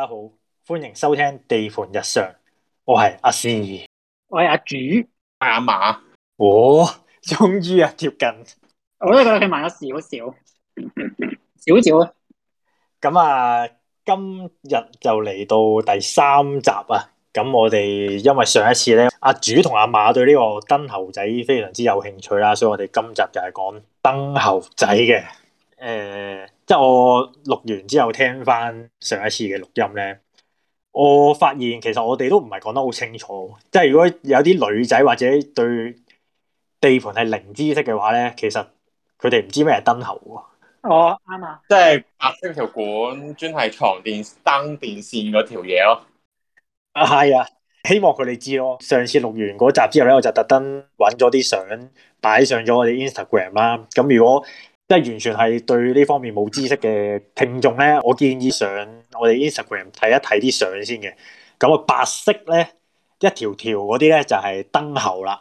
大家好，歡迎收聽地盤日常，我係阿仙兒，我係阿主，阿馬，哦，終於啊貼近，我都覺得佢慢咗少少，少少啊。咁啊，今日就嚟到第三集啊，咁我哋因為上一次咧，阿主同阿馬對呢個燈喉仔非常之有興趣啦，啊，所以我哋今集就係講燈喉仔嘅，誒、呃。即係我錄完之後聽翻上一次嘅錄音咧，我發現其實我哋都唔係講得好清楚。即係如果有啲女仔或者對地盤係零知識嘅話咧，其實佢哋唔知咩係燈喉。哦，啱啊，即係白色條管，專係藏電、燈電線嗰條嘢咯。啊，係啊，希望佢哋知咯。上次錄完嗰集之後咧，我就特登揾咗啲相擺上咗我哋 Instagram 啦。咁如果即係完全係對呢方面冇知識嘅聽眾咧，我建議上我哋 Instagram 睇一睇啲相先嘅。咁啊，白色咧一條條嗰啲咧就係燈喉啦。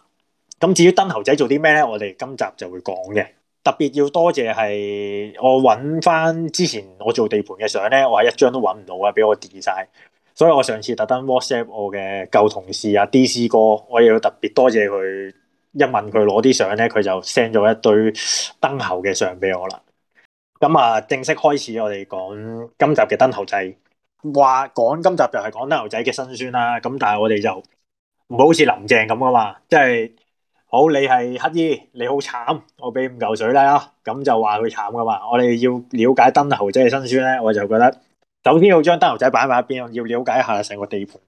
咁至於燈喉仔做啲咩咧，我哋今集就會講嘅。特別要多謝係我揾翻之前我做地盤嘅相咧，我係一張都揾唔到啊，俾我 delete 晒。所以我上次特登 WhatsApp 我嘅舊同事阿 DC 哥，我又要特別多謝佢。一問佢攞啲相咧，佢就 send 咗一堆燈喉嘅相俾我啦。咁啊，正式開始我哋講今集嘅燈喉仔，話講今集就係講燈喉仔嘅辛酸啦。咁但係我哋就唔會好似林鄭咁噶嘛，即係好你係乞衣，你好慘，我俾五嚿水啦。咁就話佢慘噶嘛。我哋要了解燈喉仔嘅辛酸咧，我就覺得首先要將燈喉仔擺埋一邊，要了解一下成個地盤。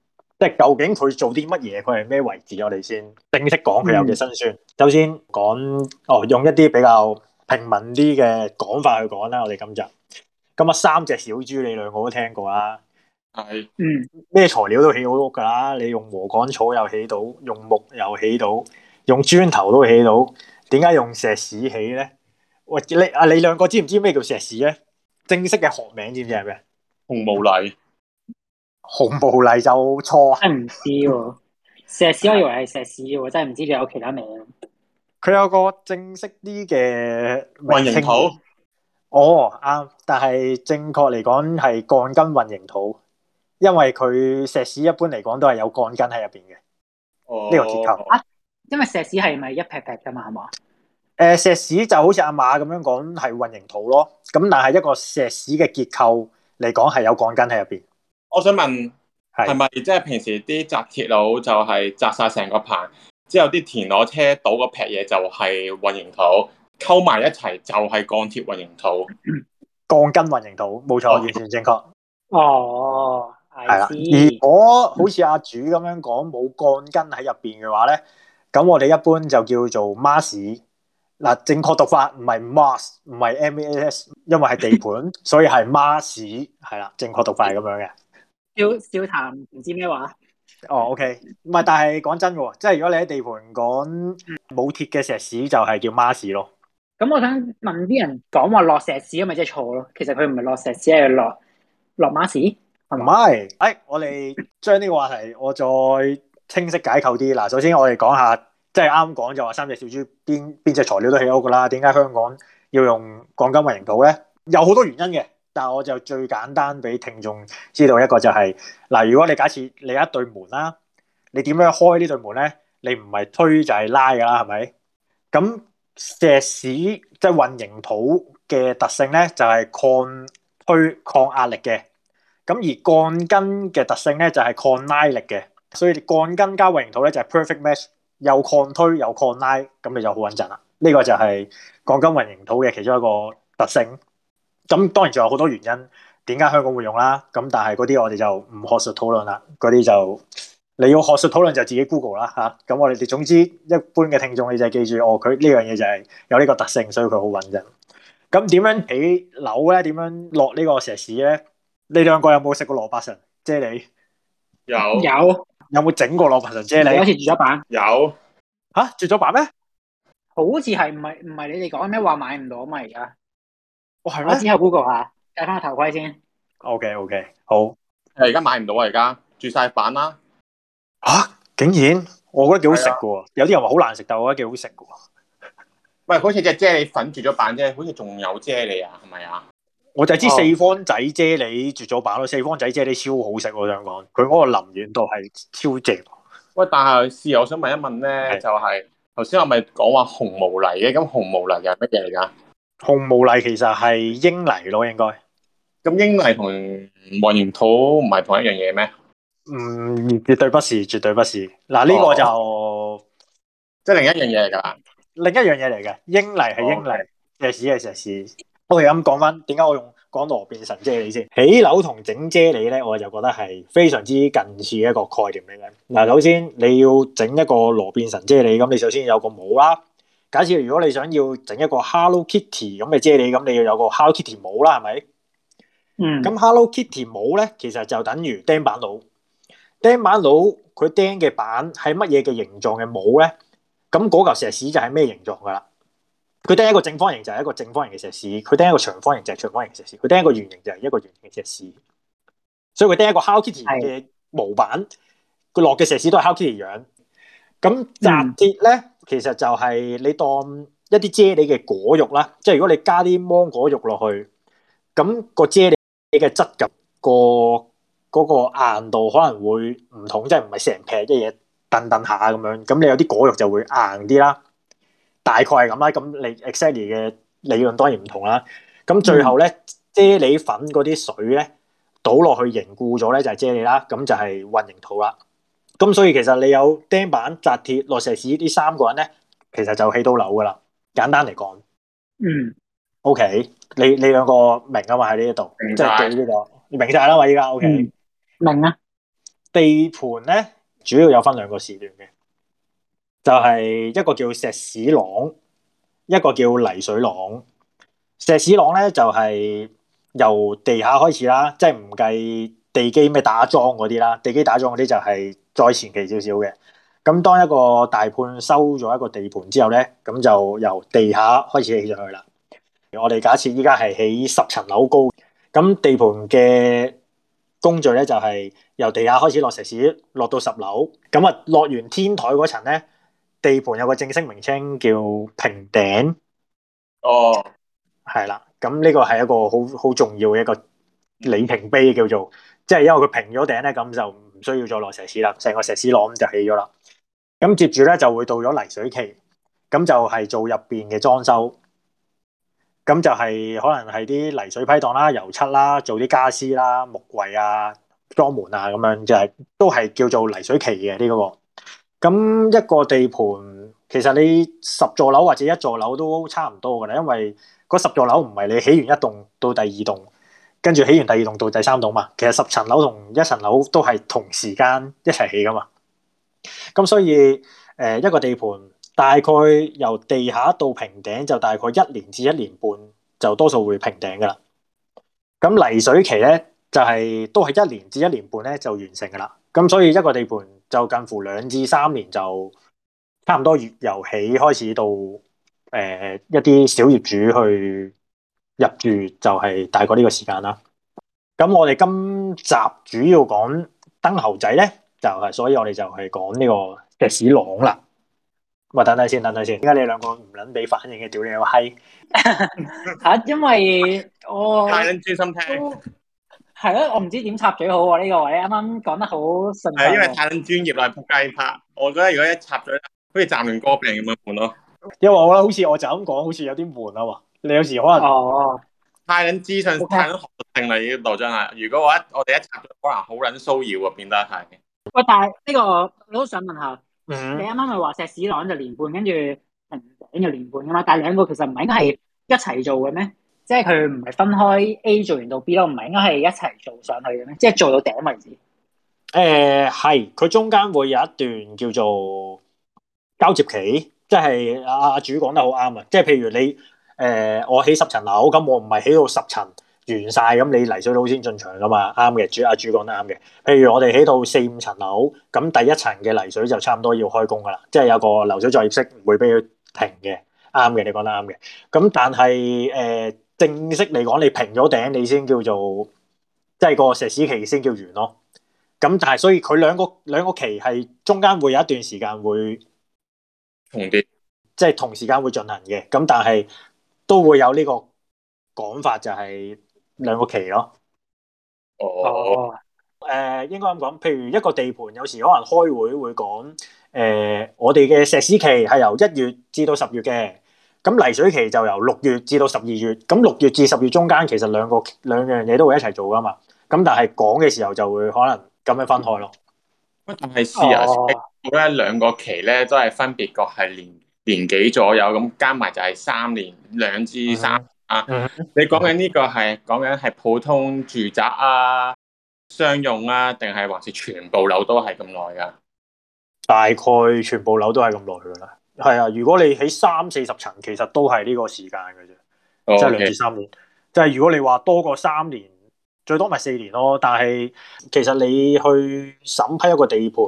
即係究竟佢做啲乜嘢？佢係咩位置？我哋先正式講佢有幾辛酸。嗯、首先講哦，用一啲比較平民啲嘅講法去講啦。我哋今集咁啊，三隻小豬你兩個都聽過啦，係咩是、嗯、材料都起好屋噶啦。你用禾稈草又起到，用木又起到，用磚頭都起到。點解用石屎起咧？喂，你啊你兩個知唔知咩叫石屎咧？正式嘅學名知唔知係咩？紅毛泥。恐怖泥就錯、啊，係唔知石屎，我以為係石屎嘅，真係唔知佢有其他名。佢有個正式啲嘅混凝土，哦啱，但係正確嚟講係鋼筋混凝土，因為佢石屎一般嚟講都係有鋼筋喺入邊嘅呢個結構啊。因為石屎係咪一劈劈噶嘛？係嘛、呃？誒，石屎就好似阿馬咁樣講係混凝土咯。咁但係一個石屎嘅結構嚟講係有鋼筋喺入邊。我想問係咪即係平時啲紮鐵佬就係紮晒成個棚，之後啲田螺車倒個劈嘢就係混凝土，溝埋一齊就係鋼鐵混凝土、鋼筋混凝土，冇錯，完全正確，哦。哦，係啦的，I see. 如果好似阿主咁樣講冇鋼筋喺入邊嘅話咧，咁我哋一般就叫做 mass 嗱， 正確讀法唔係 mass，唔係 m a s，因為係地盤，所以係 mass，係啦，正確讀法係咁樣嘅。笑笑談唔知咩話？哦、oh，OK，唔係，但係講真嘅喎，即係如果你喺地盤講冇鐵嘅石屎就係叫孖屎咯。咁、嗯、我想問啲人講話落石屎咪即係錯咯？其實佢唔係落石屎，係落落孖屎。唔係，誒，我哋將呢個話題我再清晰解構啲。嗱，首先我哋講下，即係啱講就話三隻小豬邊邊隻材料都起屋㗎啦。點解香港要用鋼筋混凝土咧？有好多原因嘅。但係我就最簡單俾聽眾知道一個就係、是、嗱，如果你假設你有一對門啦，你點樣開呢對門咧？你唔係推就係拉㗎啦，係咪？咁石屎即係混凝土嘅特性咧，就係抗推抗壓力嘅。咁而鋼筋嘅特性咧，就係抗拉力嘅。所以鋼筋加混凝土咧就係 perfect match，又抗推又抗拉，咁你就好穩陣啦。呢、這個就係鋼筋混凝土嘅其中一個特性。咁當然仲有好多原因點解香港會用啦，咁但係嗰啲我哋就唔學術討論啦，嗰啲就你要學術討論就自己 Google 啦吓。咁、啊、我哋哋總之一般嘅聽眾你就係記住，哦，佢呢樣嘢就係有呢個特性，所以佢好穩陣。咁點樣起樓咧？點樣落呢個石屎咧？你兩個有冇食過蘿蔔神啫喱？你有有有冇整過蘿蔔神啫喱？你好似住咗板有吓、啊？住咗板咩？好似係唔係唔係，你哋講咩話買唔到啊嘛而家？哦、我係啦，我先喺 Google 下，戴翻個頭盔先。O K O K，好。誒，而家買唔到啊！而家住晒版啦。嚇！竟然？我覺得幾好食嘅喎，的有啲人話好難食，但我覺得幾好食嘅喎。喂，好似只啫喱粉絕咗版啫，好似仲有啫喱啊？係咪啊？我就係知四方仔啫喱絕咗版咯，四方仔啫喱超好食，我想講，佢嗰個淋軟度係超正。喂，但係，sir 我想問一問咧，的就係頭先我咪講話紅毛泥嘅，咁紅毛泥又係乜嘢嚟㗎？紅毛泥其實係英泥咯，應該。咁英泥同混凝土唔係同一樣嘢咩？嗯，絕對不是，絕對不是。嗱、啊，呢、這個就、哦、即係另一樣嘢嚟噶啦。另一樣嘢嚟嘅，英泥係英泥，石屎係石屎。我哋咁講翻，點解、okay, 嗯、我用講羅便神啫喱先？起樓同整啫喱咧，我就覺得係非常之近似嘅一個概念嚟嘅。嗱、啊，首先你要整一個羅便神啫喱，咁你首先有個模啦、啊。假設如果你想要整一個 Hello Kitty 咁嘅啫喱，咁你要有個 Hello Kitty 帽啦，係咪？嗯。咁 Hello Kitty 帽咧，其實就等於釘板佬。釘板佬佢釘嘅板係乜嘢嘅形狀嘅帽咧？咁嗰嚿石屎就係咩形狀噶啦？佢釘一個正方形就係一個正方形嘅石屎，佢釘一個長方形就係長方形嘅石屎，佢釘一個圓形就係一個圓形嘅石屎。所以佢釘一個 Hello Kitty 嘅模板，佢落嘅石屎都係 Hello Kitty 樣。咁紮鐵咧？嗯其實就係你當一啲啫喱嘅果肉啦，即係如果你加啲芒果肉落去，咁個啫喱嘅質感個嗰個硬度可能會唔同，即係唔係成劈一嘢，燉燉下咁樣，咁你有啲果肉就會硬啲啦。大概係咁啦，咁你 exactly 嘅理論當然唔同啦。咁最後咧，嗯、啫喱粉嗰啲水咧倒落去凝固咗咧就係啫喱啦，咁就係混凝土啦。咁所以其實你有釘板、紮鐵、落石屎呢三個人咧，其實就起到樓噶啦。簡單嚟講，嗯，OK，你你兩個明啊嘛？喺呢一度即係記呢個明晒啦嘛？依家 OK、嗯、明啊？地盤咧主要有分兩個時段嘅，就係、是、一個叫石屎朗，一個叫泥水朗。石屎朗咧就係由地下開始啦，即係唔計地基咩打樁嗰啲啦，地基打樁嗰啲就係、是。再前期少少嘅，咁當一個大判收咗一個地盤之後咧，咁就由地下開始起上去啦。我哋假設依家係起十層樓高，咁地盤嘅工序咧就係、是、由地下開始落石屎，落到十樓，咁啊落完天台嗰層咧，地盤有個正式名稱叫平頂。哦、oh，係啦，咁呢個係一個好好重要嘅一個里程碑，叫做即係、就是、因為佢平咗頂咧，咁就。唔需要再落石屎啦，成個石屎籠咁就起咗啦。咁接住咧就會到咗泥水期，咁就係做入邊嘅裝修，咁就係可能係啲泥水批盪啦、油漆啦、做啲家私啦、木櫃啊、裝門啊咁樣、就是，就係都係叫做泥水期嘅呢、這個。咁一個地盤其實你十座樓或者一座樓都差唔多噶啦，因為嗰十座樓唔係你起完一棟到第二棟。跟住起完第二棟到第三棟嘛，其實十層樓同一層樓都係同時間一齊起噶嘛。咁所以誒一個地盤大概由地下到平頂就大概一年至一年半就多數會平頂噶啦。咁泥水期咧就係都係一年至一年半咧就完成噶啦。咁所以一個地盤就近乎兩至三年就差唔多由起開始到誒一啲小業主去。入住就係大概呢個時間啦。咁我哋今集主要講燈喉仔咧，就係、是、所以我哋就係講呢個石屎狼啦。咪等等先，等等先。點解你兩個唔捻俾反應嘅？屌你老閪！吓，因為我太捻專心聽。係咯、啊，我唔知點插嘴好啊呢、這個位。啱啱講得好順、啊。係、啊、因為太捻專業啦，扑街拍。我覺得如果一插嘴，好似站亂歌病咁樣換咯、啊。因為我覺得好似我就咁講，好似有啲悶啊。你有時可能資訊哦，太撚資訊，太撚學性啦，呢度真係。如果我，我一我哋一插咗，可能好撚騷擾啊，變得係。喂、這個，但係呢個我都想問下，嗯、你啱啱咪話石屎朗就年半，跟住平頂就年半噶嘛？但係兩個其實唔係應該係一齊做嘅咩？即係佢唔係分開 A 做完到 B 咯，唔係應該係一齊做上去嘅咩？即係做到頂為止。誒、呃，係，佢中間會有一段叫做交接期，即係阿阿主講得好啱啊！即係譬如你。誒、呃，我起十層樓，咁我唔係起到十層完晒。咁你泥水佬先進場噶嘛？啱嘅，主阿朱講得啱嘅。譬如我哋起到四五層樓，咁第一層嘅泥水就差唔多要開工噶啦，即係有個流水作業式，唔會俾佢停嘅。啱嘅，你講得啱嘅。咁但係誒、呃，正式嚟講，你平咗頂，你先叫做即係個石屎期先叫完咯。咁但係所以佢兩個兩個期係中間會有一段時間會重啲，即係同時間會進行嘅。咁但係。都會有呢個講法，就係、是、兩個期咯。哦，誒、oh. 哦呃，應該咁講，譬如一個地盤，有時可能開會會講，誒、呃，我哋嘅石屎期係由一月至到十月嘅，咁泥水期就由六月至到十二月。咁六月至十月中間，其實兩個兩樣嘢都會一齊做噶嘛。咁但係講嘅時候就會可能咁樣分開咯。咁係試下，我覺得兩個期咧都係分別各係連年幾左右咁加埋就係三年，兩至三年啊。mm hmm. mm hmm. 你講緊呢個係講緊係普通住宅啊、商用啊，定係還是全部樓都係咁耐㗎？大概全部樓都係咁耐㗎啦。係啊，如果你喺三四十層，其實都係呢個時間㗎啫，即係兩至三年。即係如果你話多過三年，最多咪四年咯。但係其實你去審批一個地盤，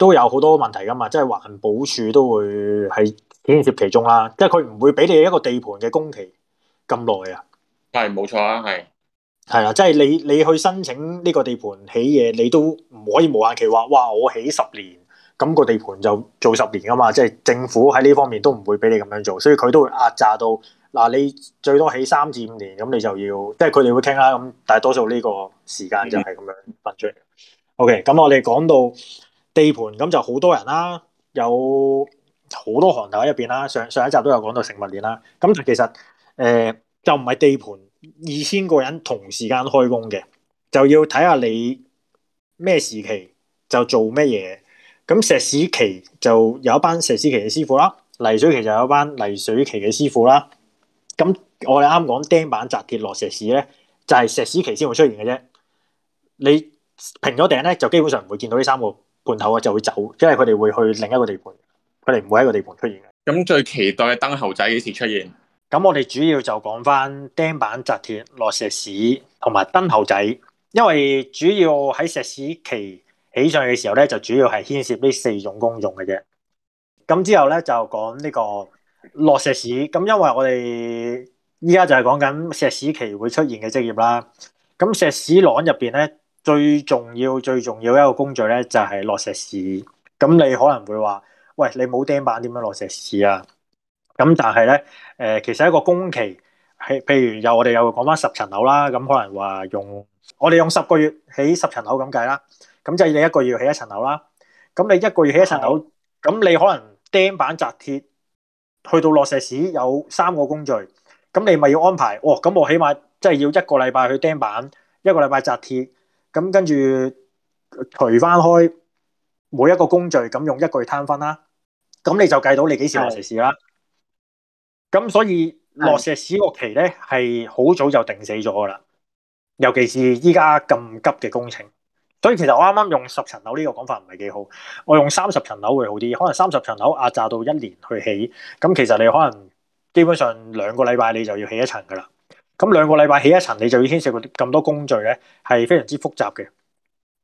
都有好多問題㗎嘛，即係環保署都會係牽涉其中啦。即係佢唔會俾你一個地盤嘅工期咁耐啊。係冇錯啊，係係啊，即係你你去申請呢個地盤起嘢，你都唔可以無限期話哇，我起十年咁個地盤就做十年㗎嘛。即係政府喺呢方面都唔會俾你咁樣做，所以佢都會壓榨到嗱。你最多起三至五年，咁你就要即係佢哋會傾啦。咁大多數呢個時間就係咁樣分出嚟。嗯、O.K. 咁我哋講到。地盤咁就好多人啦，有好多行頭喺入邊啦。上上一集都有講到食物鏈啦。咁其實誒就唔係地盤二千個人同時間開工嘅，就要睇下你咩時期就做咩嘢。咁石屎期就有一班石屎期嘅師傅啦，泥水期就有一班泥水期嘅師傅啦。咁我哋啱講釘板紮鐵落石屎咧，就係石屎期先會出現嘅啫。你平咗頂咧，就基本上唔會見到呢三個。盤頭啊就會走，即係佢哋會去另一個地盤，佢哋唔會喺個地盤出現嘅。咁最期待嘅燈喉仔幾時出現？咁我哋主要就講翻釘板紮鐵、落石屎同埋燈喉仔，因為主要喺石屎期起上去嘅時候咧，就主要係牽涉呢四種工種嘅啫。咁之後咧就講呢個落石屎，咁因為我哋依家就係講緊石屎期會出現嘅職業啦。咁石屎朗入邊咧。最重要最重要的一個工序咧就係落石屎。咁你可能會話，喂，你冇釘板點樣落石屎啊？咁但係咧，誒、呃，其實一個工期係譬如我又我哋又講返十層樓啦，咁可能話用我哋用十個月起十層樓咁計啦，咁即係你一個月起一層樓啦。咁你一個月起一層樓，咁你可能釘板紮鐵去到落石屎有三個工序，咁你咪要安排。哇、哦，咁我起碼即係要一個禮拜去釘板，一個禮拜紮鐵。咁跟住除翻開每一個工序，咁用一個月攤分啦，咁你就計到你幾時落石屎啦。咁、嗯、所以落石屎個期咧係好早就定死咗噶啦，尤其是依家咁急嘅工程。所以其實我啱啱用十層樓呢個講法唔係幾好，我用三十層樓會好啲。可能三十層樓壓榨到一年去起，咁其實你可能基本上兩個禮拜你就要起一層噶啦。咁兩個禮拜起一層，你就要牽涉個咁多工序咧，係非常之複雜嘅。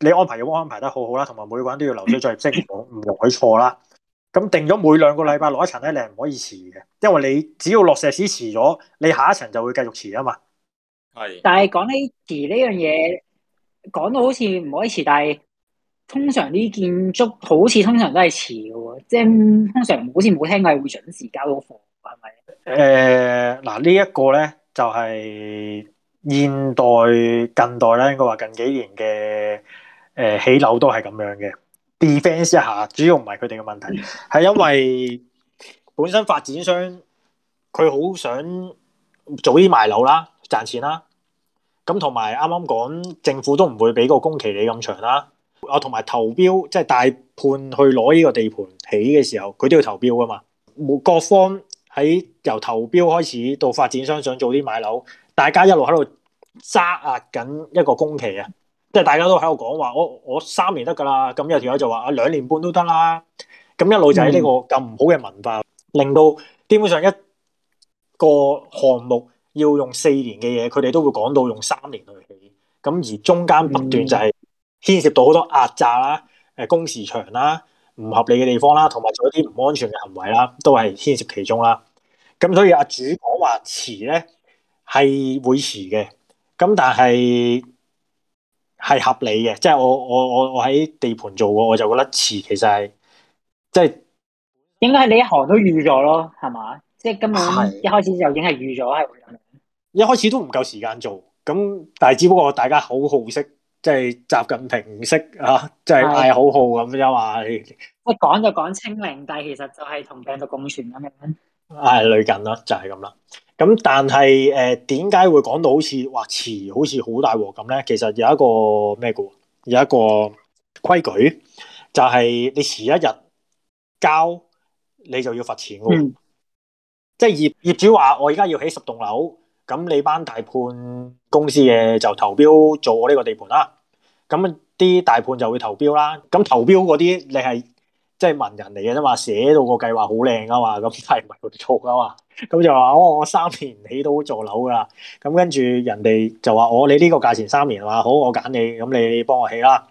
你安排要安排得好好啦，同埋每個人都要流水作業，即係唔容許錯啦。咁定咗每兩個禮拜落一層咧，你係唔可以遲嘅，因為你只要落石屎遲咗，你下一層就會繼續遲啊嘛。係。但係講起遲呢樣嘢，講到好似唔可以遲，但係通常啲建築好似通常都係遲嘅喎，即係通常好似冇聽過會準時交到貨，係咪？誒嗱、 呃，這個、呢一個咧。就係現代近代咧，應該話近幾年嘅誒、呃、起樓都係咁樣嘅 Defense 一下，主要唔係佢哋嘅問題，係因為本身發展商佢好想早啲賣樓啦，賺錢啦。咁同埋啱啱講，政府都唔會俾個工期你咁長啦。我同埋投標，即、就、係、是、大判去攞呢個地盤起嘅時候，佢都要投標噶嘛，冇各方。喺由投標開始到發展商想早啲買樓，大家一路喺度揸壓緊一個工期啊！即係大家都喺度講話，我我三年得噶啦，咁有條友就話啊兩年半都得啦，咁一路就喺呢個咁唔好嘅文化，嗯、令到基本上一個項目要用四年嘅嘢，佢哋都會講到用三年去起，咁而中間不斷就係牽涉到好多壓榨啦、誒工時長啦、唔合理嘅地方啦，同埋做一啲唔安全嘅行為啦，都係牽涉其中啦。咁所以阿主講話，遲咧係會遲嘅，咁但係係合理嘅，即係我我我我喺地盤做過，我就覺得遲其實係即係應該係你一行都預咗咯，係嘛？即係今日一開始就已經係預咗，係會。一開始都唔夠時間做，咁但係只不過大家好好識，即係習近平唔識啊，即係好好咁樣話。一講就講清零，但係其實就係同病毒共存咁樣。係類，哎，近啦，就係咁啦。咁但係誒，點，呃，解會講到好似話遲，好似好大鑊咁咧？其實有一個咩嘅，有一個規矩就係，是，你遲一日交，你就要罰錢嘅。嗯，即係業業主話我而家要起十棟樓，咁你一班大判公司嘅就投標做我呢個地盤啦。咁啲大判就會投標啦。咁投標嗰啲你係。即係文人嚟嘅，即係話寫到個計劃好靚啊嘛，咁係咪做啊嘛？咁就話哦，我三年起到座樓噶，咁跟住人哋就話我、哦、你呢個價錢三年啊，好，我揀你，咁你幫我起啦。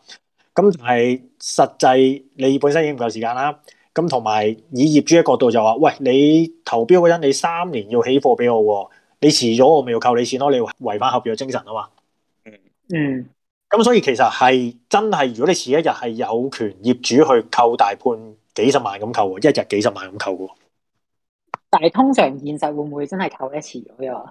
咁係實際你本身已經唔夠時間啦。咁同埋以業主嘅角度就話，喂，你投標嗰陣你三年要起貨俾我，你遲咗我咪要扣你錢咯，你違反合約精神啊嘛。嗯。咁所以其實係真係，如果你遲一日係有權業主去扣大判幾十萬咁扣喎，一日幾十萬咁扣。但係通常現實會唔會真係扣一次咁樣？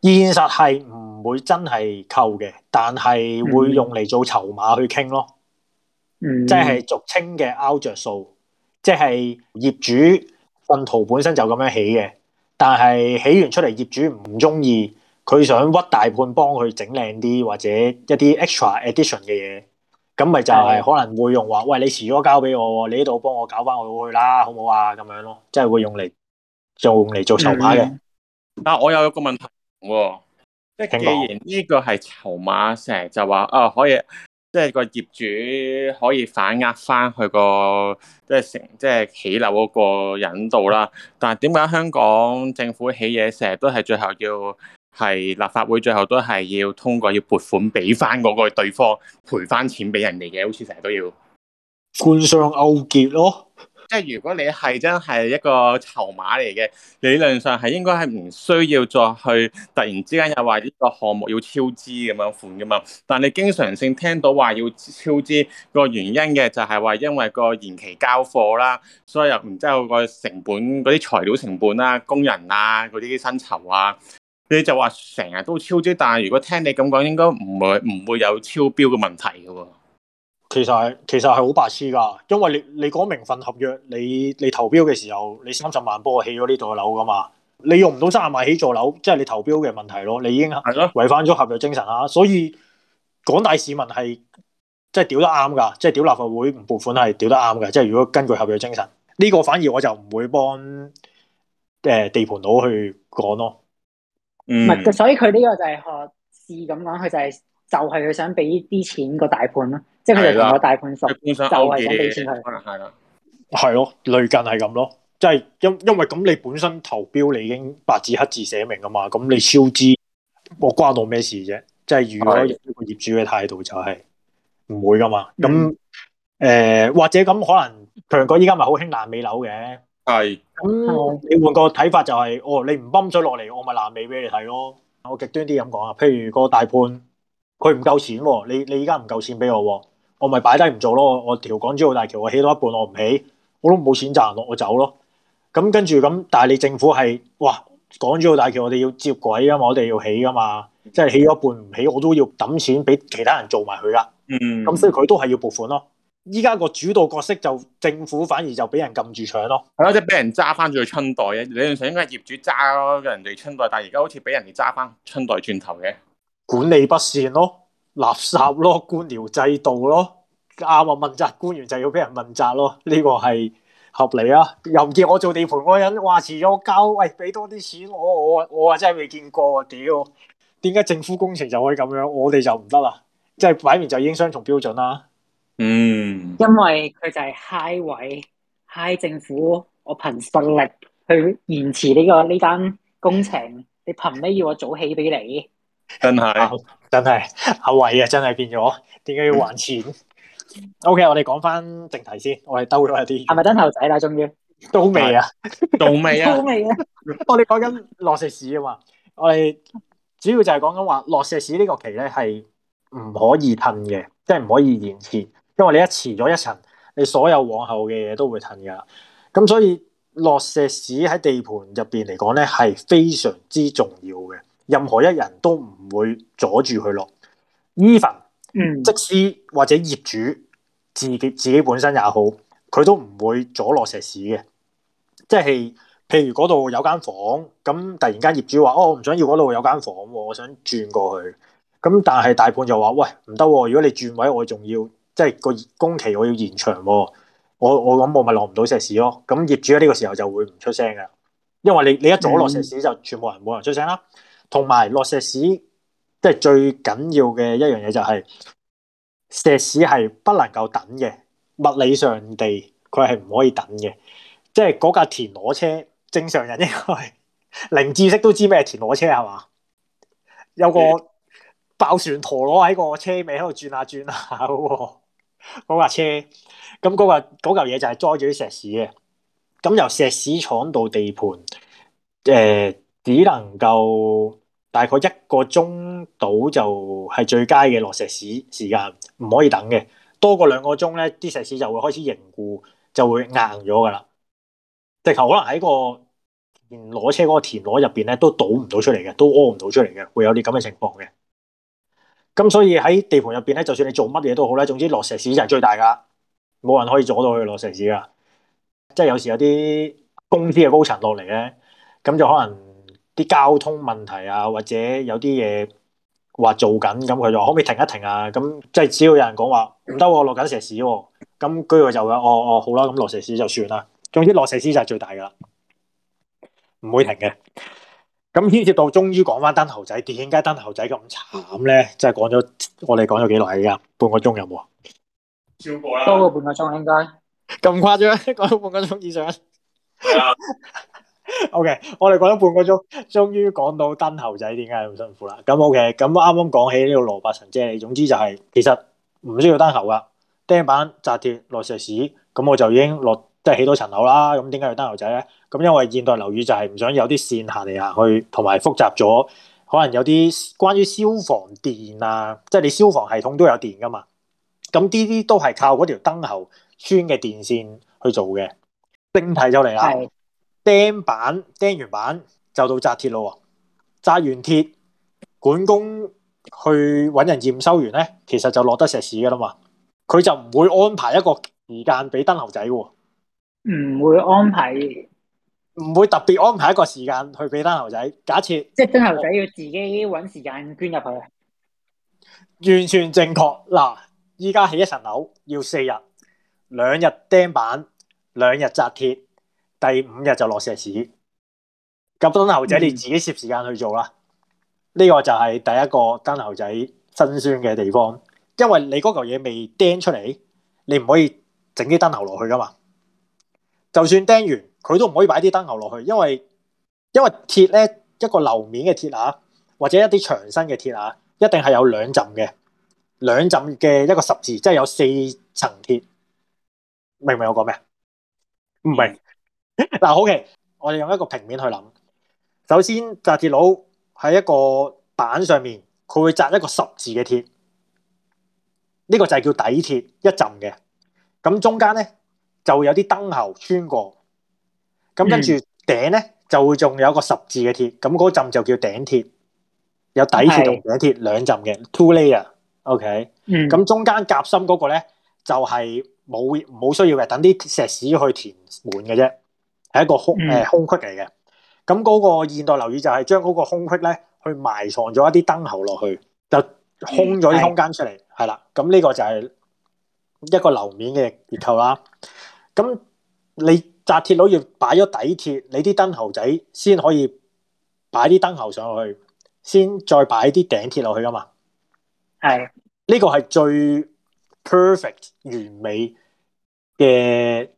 現實係唔會真係扣嘅，但係會用嚟做籌碼去傾咯。嗯、即係俗稱嘅拗着數，即係業主份圖本身就咁樣起嘅，但係起完出嚟業主唔中意。佢想屈大判幫佢整靚啲，或者一啲 extra addition 嘅嘢，咁咪就係可能會用話，的喂，你遲咗交俾我，你呢度幫我搞翻我去啦，好唔好啊？咁樣咯，即係會用嚟做嚟做籌碼嘅。嗱，但我有一個問題喎，即係既然呢個係籌碼成日說就話啊、呃、可以，即係個業主可以反壓翻佢、那個即係成即係起樓嗰個引導啦。的但係點解香港政府起嘢成日都係最後要？係立法會最後都係要通過，要撥款俾翻嗰個對方賠翻錢俾人哋嘅，好似成日都要官商勾結咯。即係如果你係真係一個籌碼嚟嘅，理論上係應該係唔需要再去突然之間又話呢個項目要超支咁樣款噶嘛。但係你經常性聽到話要超支個原因嘅，就係話因為個延期交貨啦，所以又唔知個成本嗰啲材料成本啦、工人啊嗰啲薪酬啊。你就話成日都超標，但係如果聽你咁講，應該唔會唔會有超標嘅問題嘅。其實係其實係好白痴噶，因為你你講明份合約，你你投標嘅時候，你三十萬幫我起咗呢座樓噶嘛，你用唔到三十萬起座樓，即係你投標嘅問題咯。你已經係咯違反咗合約精神啊，的所以廣大市民係即係屌得啱噶，即係屌立法會唔撥款係屌得啱噶，即係如果根據合約精神，呢個反而我就唔會幫誒、呃、地盤佬去講咯。唔係，嗯、所以佢呢個就係學試咁講，佢就係就係佢想俾啲錢個大判咯，的即係佢就同個大判熟，佢就係想俾錢佢。可能係啦，係咯，類近係咁咯，即係因因為咁你本身投標你已經白字黑字寫明噶嘛，咁你超支我關到咩事啫？即係如果個業主嘅態度就係唔會噶嘛，咁誒的、呃、或者咁可能，強國依家咪好興爛尾樓嘅。係咁，你換個睇法就係、是，哦，你唔抌咗落嚟，我咪爛尾俾你睇咯。我極端啲咁講啊，譬如個大盤，佢唔夠錢，你你依家唔夠錢俾我，我咪擺低唔做咯。我條要我條港珠澳大橋，我起到一半，我唔起，我都冇錢賺，我走咯。咁跟住咁，但係你政府係，哇，港珠澳大橋我哋要接軌啊嘛，我哋要起噶嘛，即係起咗一半唔起，我都要抌錢俾其他人做埋佢噶。嗯，咁所以佢都係要撥款咯。依家個主導角色就政府，反而就俾人撳住搶咯。係咯，即係俾人揸翻住去春代嘅。理論上應該係業主揸嘅人哋春代，但係而家好似俾人哋揸翻春代轉頭嘅。管理不善咯，垃圾咯，官僚制度咯，啱啊！問責官員就要俾人問責咯，呢個係合理啊！又唔見我做地盤嗰人話遲咗交，喂，俾多啲錢我，我我啊真係未見過啊，屌！點解政府工程就可以咁樣，我哋就唔得啦？即係擺明就已經雙重標準啦。嗯，因為佢就係 high 位，high 政府，我憑實力去延遲呢、這個呢單、這個、工程。你憑咩要我早起俾你？真係真係，阿偉啊，真係、啊、變咗，點解要還錢、嗯、？O、okay, K，我哋講翻正題先。我哋兜咗一啲，係咪燈喉仔啦？仲要都未但啊？到未啊？到未啊？啊我哋講緊落石屎啊嘛。我哋主要就係講緊話落石屎呢個期咧，係唔可以褪嘅，即係唔可以延遲。因為你遲了一遲咗一層，你所有往後嘅嘢都會褪噶。咁所以落石屎喺地盤入邊嚟講咧，係非常之重要嘅。任何一人都唔會阻住佢落。even 即，即使或者業主自己自己本身也好，佢都唔會阻落石屎嘅。即係譬如嗰度有間房，咁突然間業主話：哦，我唔想要嗰度有間房，我想轉過去。咁但係大盤就話：喂，唔得。如果你轉位，我仲要。即係個工期我要延長，我我諗我咪落唔到石屎咯。咁業主喺呢個時候就會唔出聲嘅，因為你你一咗落石屎，嗯、就全部人冇人出聲啦。同埋落石屎，即係最緊要嘅一樣嘢就係石屎係不能夠等嘅，物理上地佢係唔可以等嘅。即係嗰架田螺車，正常人應該係零知識都知咩係田螺車係嘛？有個爆旋陀螺喺個車尾喺度轉下轉下嗰架車，咁、那、嗰個嘢、那個、就係載住啲石屎嘅，咁由石屎廠到地盤，誒、呃，只能夠大概一個鐘到就係最佳嘅落石屎時間，唔可以等嘅，多過兩個鐘咧，啲石屎就會開始凝固，就會硬咗噶啦。直頭可能喺個攞車嗰個田螺入邊咧，都倒唔到出嚟嘅，都屙唔到出嚟嘅，會有啲咁嘅情況嘅。咁所以喺地盤入邊咧，就算你做乜嘢都好咧，總之落石屎就係最大噶，冇人可以阻到佢落石屎噶。即係有時有啲公司嘅高層落嚟咧，咁就可能啲交通問題啊，或者有啲嘢話做緊，咁佢就可唔可以停一停啊？咁即係只要有人講話唔得，我落緊石屎，咁佢就話：哦哦，好啦，咁落石屎就算啦。總之落石屎就係最大噶啦，唔會停嘅。咁牽涉到，終於講翻燈喉仔，點解燈喉仔咁慘咧？即係講咗我哋講咗幾耐噶，半個鐘有冇？超過啦，多過半個鐘，兄弟，咁誇張？講咗半個鐘以上。啊、 o、okay, K，我哋講咗半個鐘，終於講到燈喉仔點解咁辛苦啦？咁 O K，咁啱啱講起呢個蘿蔔神啫，理，總之就係、是、其實唔需要燈喉噶，釘板紮鐵落石屎，咁我就已經落。即係起到層樓啦，咁點解要燈喉仔咧？咁因為現代樓宇就係唔想有啲線下嚟啊，去同埋複雜咗。可能有啲關於消防電啊，即係你消防系統都有電噶嘛。咁呢啲都係靠嗰條燈喉穿嘅電線去做嘅。整體就嚟啦，的釘板釘完板就到紮鐵咯。紮完鐵，管工去揾人驗收完咧，其實就落得石屎噶啦嘛。佢就唔會安排一個時間俾燈喉仔喎。唔會安排，唔、嗯、會特別安排一個時間去俾燈喉仔。假設即係燈喉仔要自己搵時間捐入去，完全正確。嗱,依家起一層樓要四日，兩日釘板，兩日紮鐵，第五日就落石屎。咁燈、嗯、喉仔你自己攝時間去做啦。呢、這個就係第一個燈喉仔辛酸嘅地方，因為你嗰嚿嘢未釘出嚟，你唔可以整啲燈喉落去㗎嘛。就算釘完，佢都唔可以擺啲燈牛落去，因為因為鐵咧一個樓面嘅鐵啊，或者一啲長身嘅鐵啊，一定係有兩浸嘅，兩浸嘅一個十字，即係有四層鐵。明唔明我講咩？唔明。嗱 ，OK，我哋用一個平面去諗。首先，紮鐵佬喺一個板上面，佢會紮一個十字嘅鐵。呢個就係叫底鐵一浸嘅。咁中間咧。就會有啲燈喉穿過，咁跟住頂咧就會仲有一個十字嘅鐵，咁嗰浸就叫頂鐵，有底鐵同頂鐵兩浸嘅，two layer okay?、嗯。OK，咁中間夾心嗰個咧就係冇冇需要嘅，等啲石屎去填滿嘅啫，係一個空誒、嗯 uh, 空隙嚟嘅。咁嗰個現代樓宇就係將嗰個空隙咧去埋藏咗一啲燈喉落去，就空咗啲空間出嚟，係啦是。咁呢個就係一個樓面嘅結構啦。咁你紮鐵佬要擺咗底鐵，你啲燈喉仔先可以擺啲燈喉上去，先再擺啲頂鐵落去噶嘛。係、嗯，呢個係最 perfect 完美嘅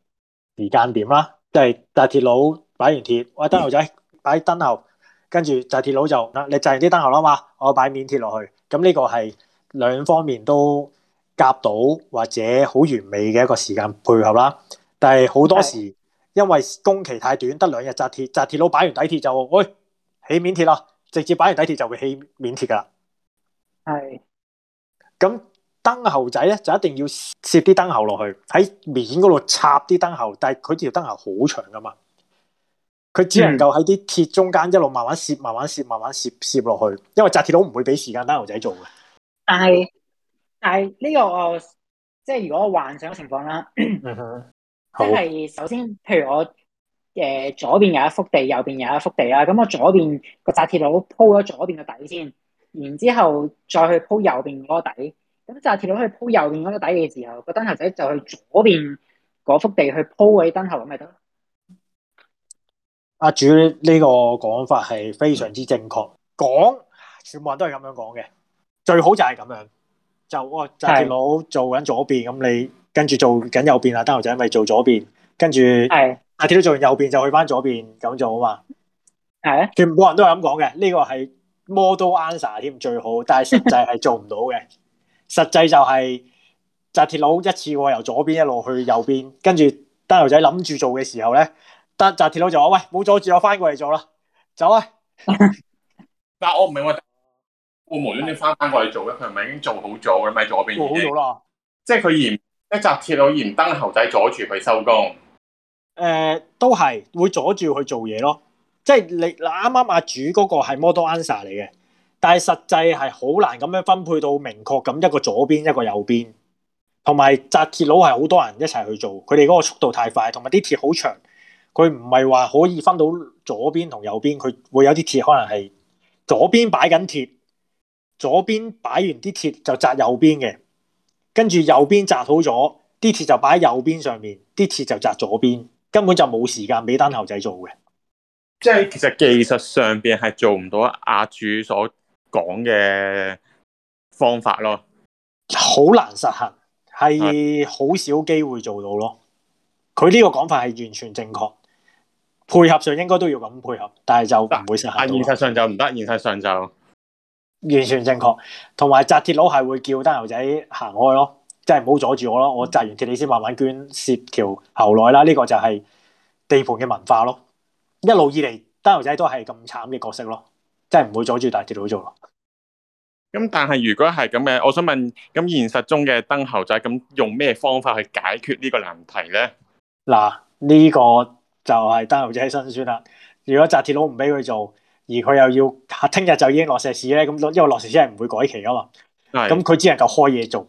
時間點啦，即係紮鐵佬擺完鐵，喂，燈喉仔擺、嗯、燈喉，跟住紮鐵佬就嗱，你紮完啲燈喉啦嘛，我擺面鐵落去，咁呢個係兩方面都夾到或者好完美嘅一個時間配合啦。但係好多時，因為工期太短，得兩日紮鐵，紮鐵佬擺完底鐵就，喂，起面鐵啦，直接擺完底鐵就會起面鐵噶啦。係是。咁燈喉仔咧，就一定要攝啲燈喉落去喺面嗰度插啲燈喉，但係佢條燈喉好長噶嘛，佢只能夠喺啲鐵中間一路慢慢攝，慢慢攝，慢慢攝攝落去，因為紮鐵佬唔會俾時間燈喉仔做嘅。但係、這個，但係呢個即係如果幻想情況啦。 好即係首先，譬如我誒、呃，左邊有一幅地，右邊有一幅地啦。咁我左邊個紮鐵佬鋪咗左邊嘅底先，然之後再去鋪右邊嗰個底。咁紮鐵佬去鋪右邊嗰個底嘅時候，個燈喉仔就去左邊嗰幅地去鋪位燈喉咪得咯。阿主呢、這個講法係非常之正確，講、嗯、全部人都係咁樣講嘅，最好就係咁樣，就個紮鐵佬做緊左邊咁是你。跟住做緊右邊啊，單頭仔咪做左邊，跟住，係的，紮鐵都做完右邊就去翻左邊咁做啊嘛，係，的全部人都係咁講嘅，呢、這個係 model answer 添最好，但係實際係做唔到嘅， 實際就係、是、紮鐵佬一次過由左邊一路去右邊，跟住單頭仔諗住做嘅時候咧，單紮鐵佬就話喂冇阻住我翻過嚟做啦，走啊，嗱 我唔明我，我無端端翻翻過嚟做嘅，佢係咪已經做好咗嘅咪左邊，做、哦、好咗啦、啊，即係佢嫌。一紮鐵佬嫌燈喉仔阻住佢收工，誒、呃，都係會阻住佢做嘢咯。即係你嗱啱啱阿主嗰個係 model answer 嚟嘅，但係實際係好難咁樣分配到明確咁一個左邊一個右邊，同埋紮鐵佬係好多人一齊去做，佢哋嗰個速度太快，同埋啲鐵好長，佢唔係話可以分到左邊同右邊，佢會有啲鐵可能係左邊擺緊鐵，左邊擺完啲鐵就紮右邊嘅。跟住右邊紮好咗，啲鐵就擺喺右邊上面，啲鐵就紮左邊，根本就冇時間俾燈喉仔做嘅。即係其實技術上邊係做唔到阿主所講嘅方法咯，好難實行，係好少機會做到咯。佢呢個講法係完全正確，配合上應該都要咁配合，但係就唔會實行到。現實上就唔得，現實上就。完全正確，同埋扎鐵佬係會叫燈喉仔行開咯，即係唔好阻住我咯，我扎完鐵你先慢慢捐攝條喉內啦，呢個就係地盤嘅文化咯。一路以嚟，燈喉仔都係咁慘嘅角色咯，即係唔會阻住大鐵佬做咯。咁但係如果係咁嘅，我想問，咁現實中嘅燈喉仔咁用咩方法去解決呢個難題咧？嗱，呢個就係燈喉仔嘅辛酸啦。如果扎鐵佬唔俾佢做。而佢又要聽日就已經落石屎咧，咁因為落石屎係唔會改期噶嘛，咁佢的只能夠開嘢做。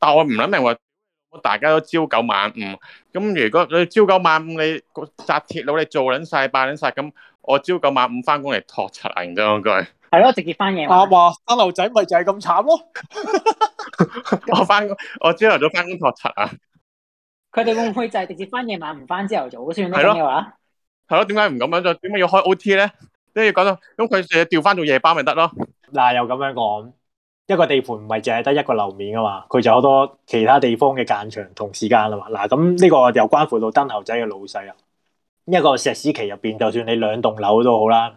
但我唔諗定話，大家都朝九晚五，咁如果你朝九晚五，你紮鐵佬你做撚晒，辦撚晒。咁我朝九晚五翻工嚟托柒人啫，嗰句、嗯。係咯，直接翻夜。我話三路仔咪就係咁慘咯。我翻我朝頭早翻工托柒啊！佢哋會唔會就係直接翻夜晚唔翻朝頭早先咧？係咯，係咯，點解唔咁樣啫？點解要開 OT 咧？都要講得，咁佢成日調翻到夜班咪得咯？嗱，又咁樣講，一個地盤唔係淨係得一個樓面噶嘛，佢就好多其他地方嘅間場同時間啊嘛。嗱，咁呢個又關乎到燈喉仔嘅老細啊。一個石屎期入邊，就算你兩棟樓都好啦，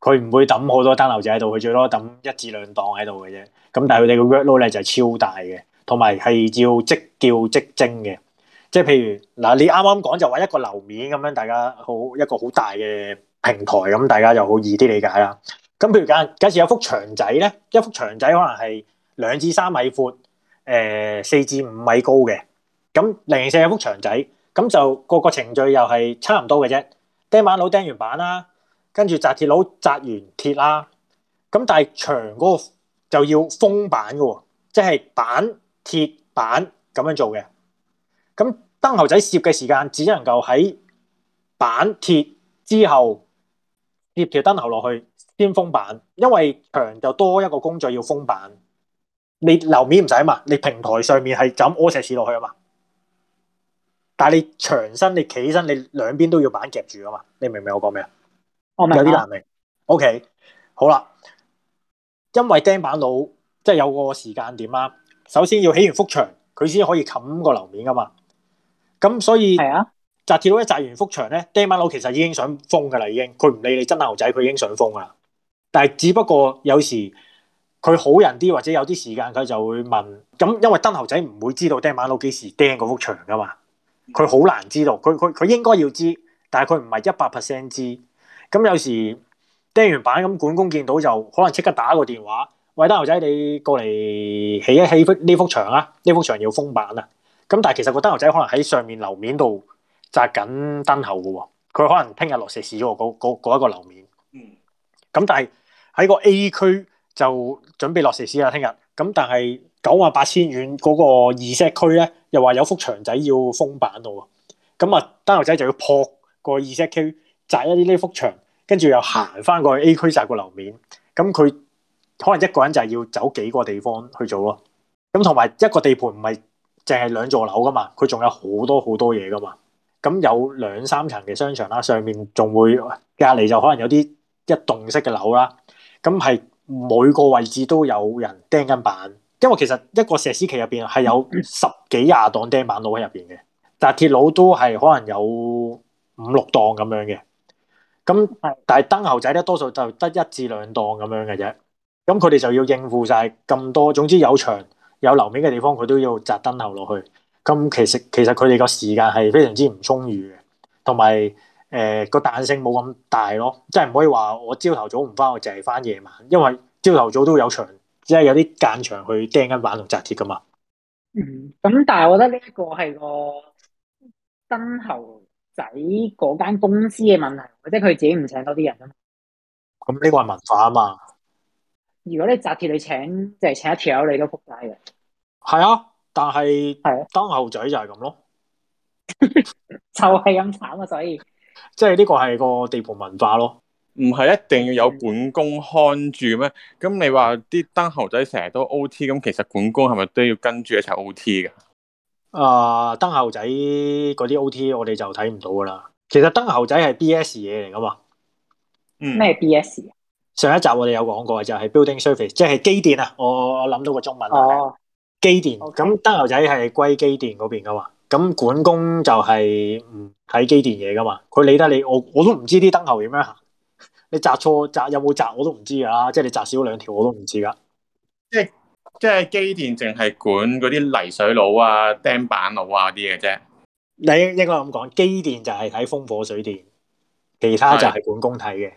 佢唔會抌好多燈喉仔喺度，佢最多抌一至兩檔喺度嘅啫。咁但係佢哋嘅 workload 咧就係超大嘅，同埋係要即叫即徵嘅。即係譬如嗱，你啱啱講就話一個樓面咁樣，大家好一個好大嘅。平台咁大家就好易啲理解啦。咁譬如講，假設有幅牆仔咧，一幅牆仔可能係兩至三米闊，誒四至五米高嘅。咁零零舍有幅牆仔，咁就個個程序又係差唔多嘅啫。釘板佬釘完板啦，跟住紮鐵佬紮完鐵啦。咁但係牆嗰個就要封板噶即係板、鐵板咁樣做嘅。咁燈喉仔攝嘅時間只能夠喺板鐵之後。貼條燈喉落去先封板，因為牆就多一個工序要封板。你樓面唔使啊嘛，你平台上面係咁屙石屎落去啊嘛。但係你牆身你企起身，你兩邊都要板夾住啊嘛。你明唔明我講咩啊？我明有點。有啲難明。OK，好啦，因為釘板佬即係有個時間點啊，首先要起完幅牆，佢先可以冚個樓面噶嘛。咁所以係啊。紮鐵佬一紮完幅牆咧，釘板佬其實已經想封噶啦，已經佢唔理你燈喉仔，佢已經想封啦。但係，只不過有時佢好人啲，或者有啲時間佢就會問咁，因為燈喉仔唔會知道釘板佬幾時釘嗰幅牆噶嘛，佢好難知道。佢佢佢應該要知道，但係佢唔係一百 percent 知。咁有時釘完板咁，管工見到就可能即刻打個電話，喂，燈喉仔你過嚟起一起幅呢幅牆啊。呢幅牆要封板啊。咁但係其實個燈喉仔可能喺上面樓面度。在紮緊燈喉嘅，佢可能聽日落石屎嗰一個樓面。嗯。咁但係喺個 A 區就準備落石屎啦，聽日。咁但係九萬八千元嗰個二石區咧，又話有幅牆仔要封板到。咁啊，燈喉仔就要破個二石區，扎一啲呢幅牆，跟住又行翻過去 A 區紮個樓面。咁佢、嗯、可能一個人就係要走幾個地方去做咯。咁同埋一個地盤唔係淨係兩座樓噶嘛，佢仲有好多好多嘢噶嘛。咁有兩三層嘅商場啦，上面仲會隔籬就可能有啲一棟式嘅樓啦。咁係每個位置都有人釘緊板，因為其實一個石屎期入邊係有十幾廿檔釘板佬喺入邊嘅，但係鐵佬都係可能有五六檔咁樣嘅。咁但係燈喉仔咧多數就得一至兩檔咁樣嘅啫。咁佢哋就要應付晒咁多，總之有牆有樓面嘅地方，佢都要紮燈喉落去。咁其實其實佢哋個時間係非常之唔充裕嘅，同埋誒個彈性冇咁大咯。即係唔可以話我朝頭早唔翻，我淨係翻夜晚，因為朝頭早都有場，即係有啲間場去釘一板同紮鐵噶嘛。嗯，咁但係我覺得呢一個係個燈喉仔嗰間公司嘅問題，或者佢自己唔請多啲人啊嘛。咁呢個係文化啊嘛。如果你紮鐵你請就係請一條友，你都仆街嘅。係啊。但係，係啊，燈喉仔就係咁咯， 就係咁慘啊！所以即係呢個係個地盤文化咯，唔係一定要有管工看住咩？咁、嗯、你話啲燈喉仔成日都 O T，咁其實管工係咪都要跟住一齊 O T 噶？啊、呃，燈喉仔嗰啲 O T 我哋就睇唔到噶啦。其實燈喉仔係 B S 嘢嚟噶嘛？咩 B S？是 BS? 上一集我哋有講過就係、是、building s u r f a c e 即係機電啊。我我諗到個中文哦。是機電咁燈喉仔係歸機電嗰邊噶嘛？咁管工就係唔睇機電嘢噶嘛？佢理得你？我我都唔知啲燈喉點樣行，你紮錯紮有冇紮我都唔知啊！即係你紮少兩條我都唔知噶、啊。即係即係機電淨係管嗰啲泥水佬啊、釘板佬啊啲嘢啫。你應該咁講，機電就係睇風火水電，其他就係管工睇嘅。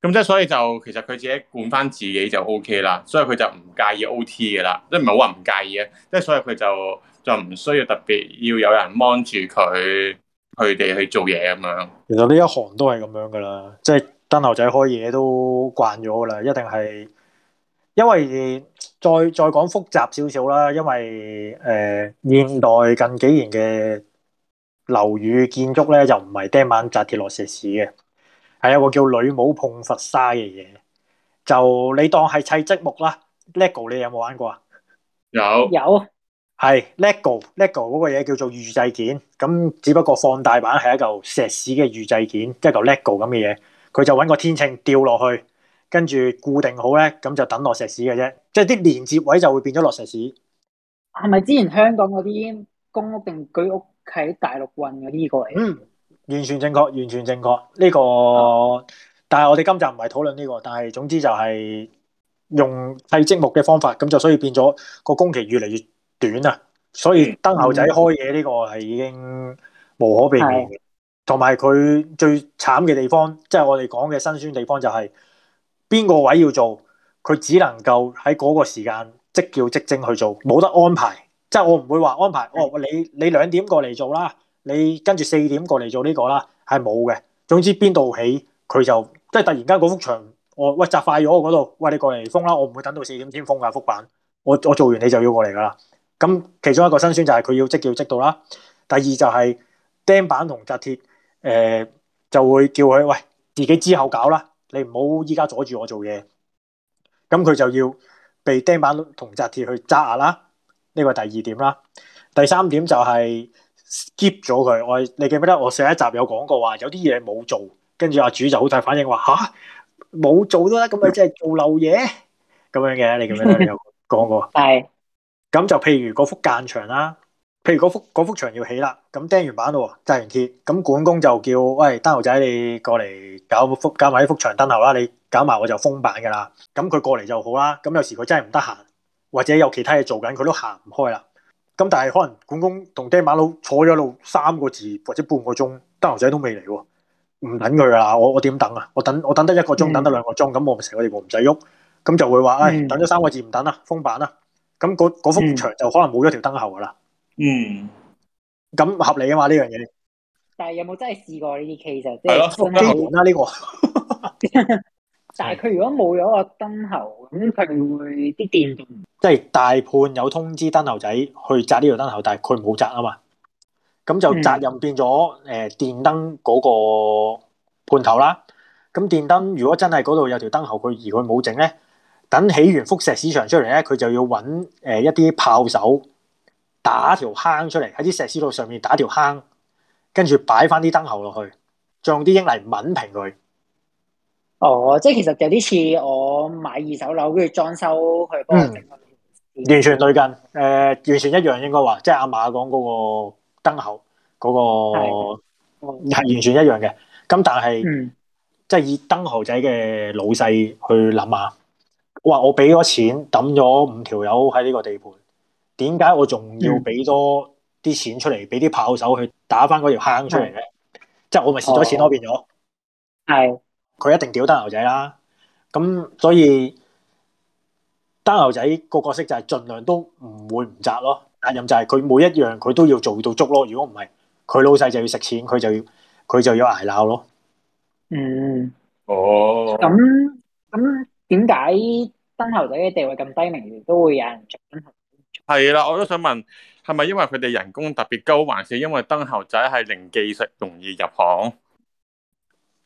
咁即係所以就其實佢自己管翻自己就 O K 啦，所以佢就唔介意 O T 嘅啦，即係唔係好話唔介意啊，即係所以佢就就唔需要特別要有人 mon 住佢佢哋去做嘢咁樣。其實呢一行都係咁樣噶啦，即係燈喉仔開嘢都慣咗噶啦，一定係因為再再講複雜少少啦，因為誒、呃、現代近幾年嘅樓宇建築咧就唔係釘板紮鐵落石屎嘅。係啊，係有一個叫女武碰佛沙嘅嘢，就你當係砌積木啦。LEGO 你有冇玩過啊？有有係 LEGO，LEGO 嗰個嘢叫做預製件，咁只不過放大版係一嚿石屎嘅預製件，即係嚿 LEGO 咁嘅嘢。佢就揾個天秤吊落去，跟住固定好咧，咁就等落石屎嘅啫。即係啲連接位就會變咗落石屎。係咪之前香港嗰啲公屋定居屋喺大陸運嗰啲過嚟？嗯完全正確，完全正確。呢個，但係我哋今集唔係討論呢個，但係總之就係用砌積木嘅方法，咁就所以變咗個工期越嚟越短啊。所以燈喉仔開嘢呢個係已經無可避免嘅，同埋佢最慘嘅地方，即係我哋講嘅辛酸地方就係邊個位要做，佢只能夠喺嗰個時間即叫即整去做，冇得安排。即係我唔會話安排，嗯、哦，你你兩點過嚟做啦。你跟住四點過嚟做呢、這個啦，係冇嘅。總之邊度起佢就即係突然間嗰幅牆，我喂紮快咗嗰度，喂，喂你過嚟封啦，我唔會等到四點先封噶幅板，我我做完你就要過嚟噶啦。咁其中一個辛酸就係佢要即叫即到啦。第二就係釘板同紮鐵，誒、呃、就會叫佢喂自己之後搞啦，你唔好依家阻住我做嘢。咁佢就要被釘板同紮鐵去揸壓啦。呢個第二點啦，第三點就係、是。skip 咗佢，我你記唔記得我上一集有講過話，有啲嘢冇做，跟住阿主就好大反應話吓冇做都得，咁你即係做漏嘢咁樣嘅，你記唔記得有講過？係咁 就譬如嗰幅間牆啦，譬如嗰幅嗰幅牆要起啦，咁釘完板咯，紮完鐵，咁管工就叫喂，燈喉仔你過嚟搞，搞幅搞埋呢幅牆燈喉啦，你搞埋我就封板噶啦。咁佢過嚟就好啦，咁有時佢真係唔得閒，或者有其他嘢做緊，佢都行唔開啦。咁但係可能管工同爹馬佬坐咗路三個字或者半個鐘，燈喉仔都未嚟喎，唔等佢啦，我我點等啊？我等我等得一個鐘，等得兩個鐘，咁、嗯、我咪成個夜我唔使喐，咁就會話，唉、哎，等咗三個字唔等啦，封板啦，咁嗰幅牆就可能冇咗條燈喉噶啦。嗯，咁合理啊嘛呢樣嘢，但係有冇真係試過呢啲 case？係咯，封燈喉門啦呢個。 但係佢如果冇咗個燈喉，咁佢會啲電即係、嗯、就是、大判有通知燈喉仔去紮呢條燈喉，但係佢冇紮啊嘛，咁就責任變咗誒、呃、電燈嗰個判頭啦。咁電燈如果真係嗰度有條燈喉，佢而佢冇整咧，等起完輻射市場出嚟咧，佢就要揾誒一啲炮手打條坑出嚟喺啲石屎度上面打條坑，跟住擺翻啲燈喉落去，再用啲英泥穩平佢。哦，即係其實有啲似我買二手樓跟住裝修去幫、嗯、完全對近，誒、呃，完全一樣應該話，即係阿馬講嗰個燈喉，嗰、那個係、嗯、完全一樣嘅。咁但係、嗯、即係以燈喉仔嘅老細去諗下啊，話我俾咗錢抌咗五條友喺呢個地盤，點解我仲要俾多啲錢出嚟俾啲炮手去打翻嗰條坑出嚟咧？的即係我咪蝕咗錢咯，變咗係。佢一定屌燈喉仔啦，咁所以燈喉仔個角色就係盡量都唔會唔責咯，責任就係佢每一樣佢都要做到足咯。如果唔係，佢老細就要食錢，佢就要佢就要捱鬧咯。嗯，哦、oh.，咁咁點解燈喉仔嘅地位咁低明，都會有人做燈喉仔？係啦，我都想問，係咪因為佢哋人工特別高，還是因為燈喉仔係零技術容易入行？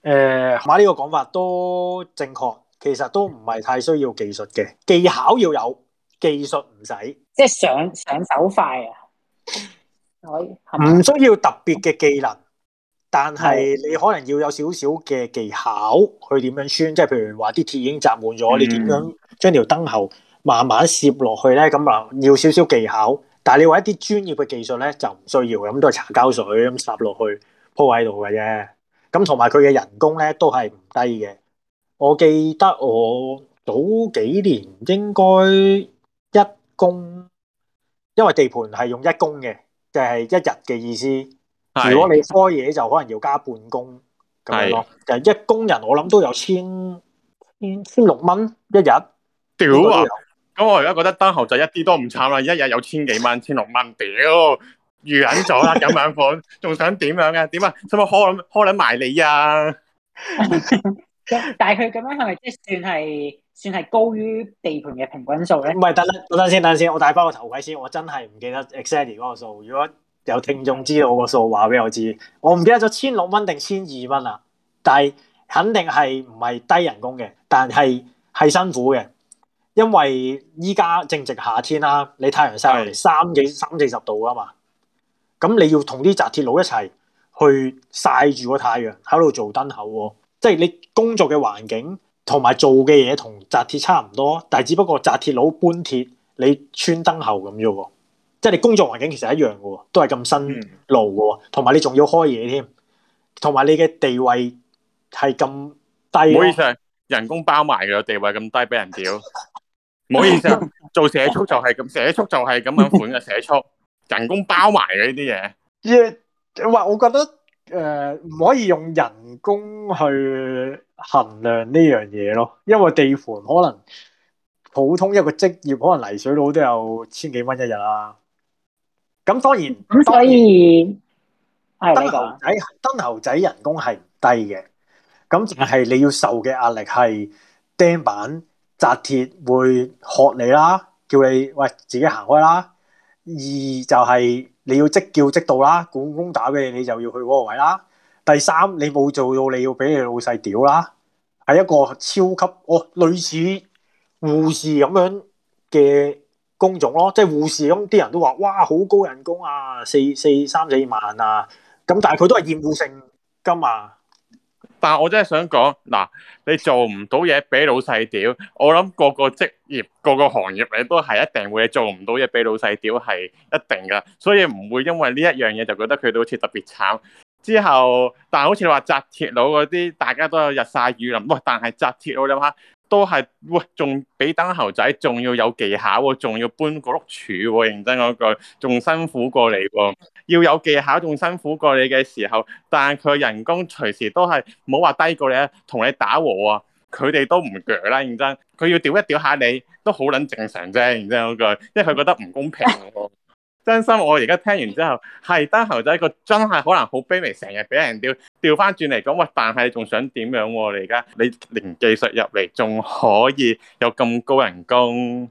誒，馬呢個講法都正確，其實都唔係太需要技術嘅，技巧要有，技術唔使，即係上上手快啊，可以，唔需要特別嘅技能，但係你可能要有少少嘅技巧去點樣穿，即係譬如話啲鐵已經紮滿咗，嗯、你點樣將條燈喉慢慢攝落去咧？咁啊，要少少技巧，但係你話一啲專業嘅技術咧，就唔需要，咁都係搽膠水咁塞落去鋪喺度嘅啫。咁同埋佢嘅人工咧都係唔低嘅。我記得我早幾年應該一工，因為地盤係用一工嘅，就係、是、一日嘅意思。是如果你開嘢就可能要加半工咁是樣咯。就係、一工人我諗都有千千、嗯、千六蚊一日。屌啊！咁我而家覺得燈喉就一啲都唔慘啦，一日有千幾蚊、 千六蚊，屌！預咗啦，咁 樣款，仲想點樣啊？點啊？使唔使開開捻埋你啊？ 但係佢咁樣係咪即係算係算係高於地盤嘅平均數咧？唔係，等等，等陣先，等陣先，我帶翻個頭盔先。我真係唔記得 e x c i t i n 嗰個數。如果有聽眾知道我個數，話俾我知。我唔記得咗千六蚊定千二蚊啦。但係肯定係唔係低人工嘅，但係係辛苦嘅。因為依家正值夏天啦，你太陽曬落嚟，三幾的三四十度啊嘛～咁你要同啲紮鐵佬一齊去曬住個太陽喺度做燈喉喎，即係你工作嘅環境同埋做嘅嘢同紮鐵差唔多，但係只不過紮鐵佬搬鐵，你穿燈喉咁啫喎，即係你工作環境其實一樣嘅喎，都係咁新路嘅喎，同埋、嗯、你仲要開嘢添，同埋你嘅地位係咁低。唔好意思，人工包埋嘅地位咁低，俾人屌。唔 好意思，做社畜就係咁，社畜就係咁樣款嘅社畜。社畜 人工包埋嘅呢啲嘢，即係話我覺得誒唔、呃、可以用人工去衡量呢樣嘢咯，因為地盤可能普通一個職業可能泥水佬都有千幾蚊一日啦。咁當然當然，燈喉仔燈喉仔人工係唔低嘅，咁淨係你要受嘅壓力係釘板紮鐵會學你啦，叫你喂自己行開啦。二就係你要即叫即到啦，管工打俾你，你就要去嗰個位啦。第三你冇做到，你要俾你老細屌啦。係一個超級哦，類似護士咁樣嘅工種咯，即係護士咁啲人都話哇，好高人工啊，四四三四萬啊，咁但係佢都係厭惡性金啊。但我真係想講，嗱，你做唔到嘢俾老細屌，我諗個個職業、個個行業，你都係一定會做唔到嘢俾老細屌，係一定㗎。所以唔會因為呢一樣嘢就覺得佢哋好似特別慘。之後，但係好似你話紮鐵佬嗰啲，大家都有日曬雨淋，喂，但係紮鐵佬你話。都係，喂，仲比，燈喉仔，仲要有技巧，仲要搬個碌柱，認真嗰句，仲、嗯、辛苦過你喎。要有技巧，仲辛苦過你嘅時候，但係佢人工隨時都係唔好話低過你啊。同你打和啊，佢哋都唔鋸啦。認真，佢要屌一屌下你，都好捻正常啫。認真嗰句、嗯，因為佢覺得唔公平。 真心我而家聽完之後，係燈喉仔個真係可能好卑微，成日俾人吊。吊翻轉嚟講，喂，但係仲想點樣喎？你而家你零技術入嚟，仲可以有咁高人工？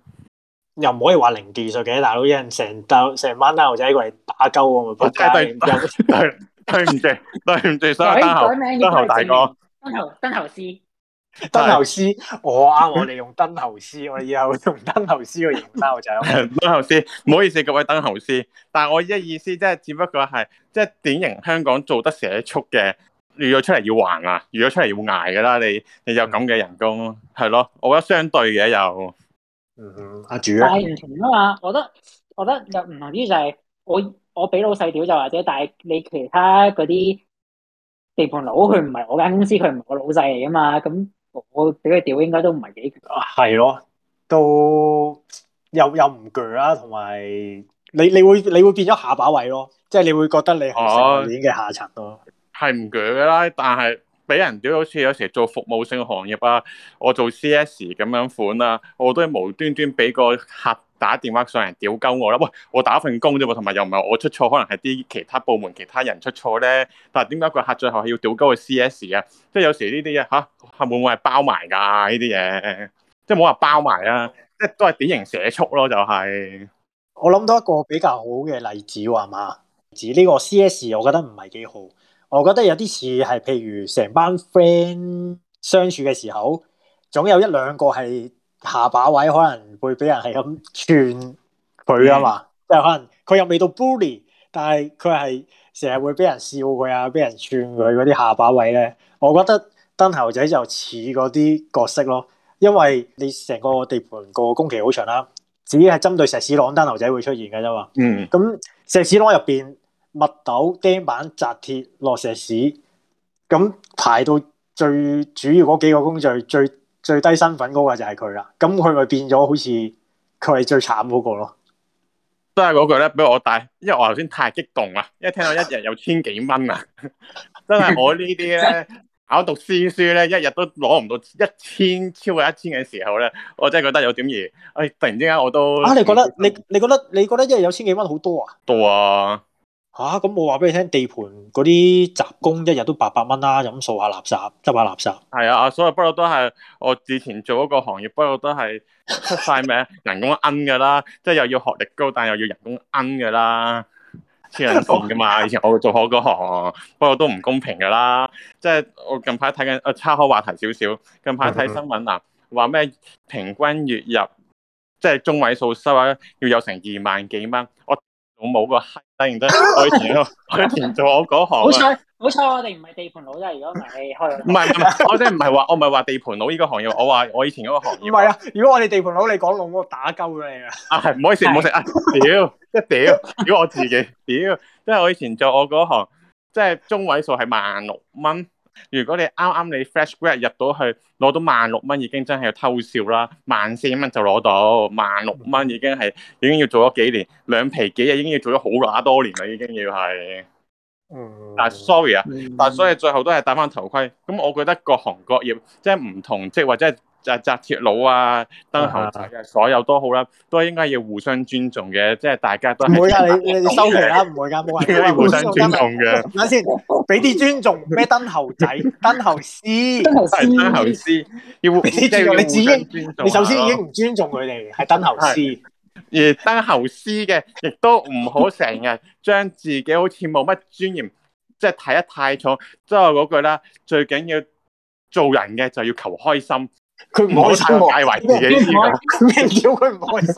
又唔可以話零技術嘅大佬，因成斗成班燈喉仔過嚟打鳩我咪仆街，對對唔住，對唔住，所有燈喉，燈喉大哥，燈喉，燈喉師。燈喉師，我啱我哋用燈喉師， 我以後用燈喉師個型單我就有。燈喉師，唔好意思，各位燈喉師，但係我一意思即係只不過係即係典型香港做得社畜嘅，如果出嚟要還啊，如果出嚟要挨噶啦，你你有咁嘅人工咯，係咯，我覺得相對嘅有，阿、嗯啊、主啊，但唔同啊嘛，我覺得我覺得又唔同啲就係、是、我我俾老細屌就或者，但係你其他嗰啲地盤佬，佢唔係我間公司，佢唔係我老細嚟噶嘛，咁。我俾佢屌應該都唔係幾，係咯，都又又唔鋸啦，同埋你你會你會變咗下把位咯，即係你會覺得你係成年嘅下層咯，啊，係唔鋸嘅啦，但係。俾人屌，好似有時做服務性行業啊，我做 C S 咁樣款啊，我都係無端端俾個客打電話上嚟屌鳩我啦。喂，我打份工啫喎，同埋又唔係我出錯，可能係啲其他部門其他人出錯咧。但係點解個客最後係要屌鳩個 C S 啊？即係有時呢啲啊，吓，客會唔會係包埋㗎呢啲嘢，即係冇話包埋啦，即係都係典型社畜咯，就係。我諗到一個比較好嘅例子喎，嘛，媽。指呢個 C S，我覺得唔係幾好。我覺得有啲事係，譬如成班 friend 相處嘅時候，總有一兩個係下把位，可能會俾人係咁串佢啊嘛。即係可能佢又未到 bully，但係佢係成日會俾人笑佢啊，俾人串佢嗰啲下把位咧。我覺得燈喉仔就似嗰啲角色咯，因為你成個地盤個工期好長啦，只係針對石屎塱燈喉仔會出現嘅啫嘛。嗯，咁石屎塱入邊。麥豆釘板紮鐵落石屎，咁排到最主要嗰幾個工序最最低身份嗰個就係佢啦。咁佢咪變咗好似佢係最慘嗰個咯？都係嗰句咧俾我帶，因為我頭先太激動啊！因為聽到一日有千幾蚊啊， 真係我呢啲咧 考讀私書咧，一日都攞唔到一千超過一千嘅時候咧，我真係覺得有點嘢。哎，突然之間我都啊，你覺得你你覺得你覺得一日有千幾蚊好多啊？多啊、嗯！吓咁，啊、我話俾你聽，地盤嗰啲雜工一日都八百蚊啦，就咁掃下垃圾，執下垃圾。係啊，所以不過都係我之前做嗰個行業，不過都係出晒名， 人工奀噶啦，即係又要學歷高，但係又要人工奀噶啦，黐人線噶嘛。 以前我做開嗰行，不過都唔公平噶啦。即係我近排睇緊，誒，岔開話題少少。近排睇新聞啊，話咩平均月入即係中位數收咧，要有成二萬幾蚊。我。啊、我冇、那個黑，突然間開錢咯，我以前做我嗰行。 好彩，好彩， 我哋唔係地盤佬啫。如果係開唔係唔係，我即係唔係話，我唔係話地盤佬呢個行業，我話我以前嗰個行業。唔係啊，如果我哋地盤佬，你講到我打鳩你啊？啊係，唔好意思，唔好意思啊，屌，一屌，如果我自己屌，即係我以前做我嗰行，即係中位數係萬六蚊。如果你啱啱你 fresh grad 入到去攞到萬六蚊已經真係要偷笑啦，萬四蚊就攞到，萬六蚊已經係已經要做咗幾年，兩皮幾日已經要做咗好乸多年啦已經要係，嗯、但 sorry 啊、嗯，但係所以最後都係戴翻頭盔，咁我覺得各行各業即係唔同職或者。紮紮鐵佬啊，燈喉仔啊，所有都好啦，都應該要互相尊重嘅，即係大家都唔會㗎，你你收皮啦，唔會㗎，冇啊，都要互相尊重嘅。睇先，俾啲尊重，咩燈喉仔、燈喉師、燈喉師，要俾啲尊重你自己。你首先已經唔尊重佢哋，係燈喉師。而燈喉師嘅，亦都唔好成日將自己好似冇乜尊嚴，即係睇得太重。即係嗰句啦，最緊要做人嘅就要求開心。佢唔開心解圍嘅嘢，咩叫佢唔開心？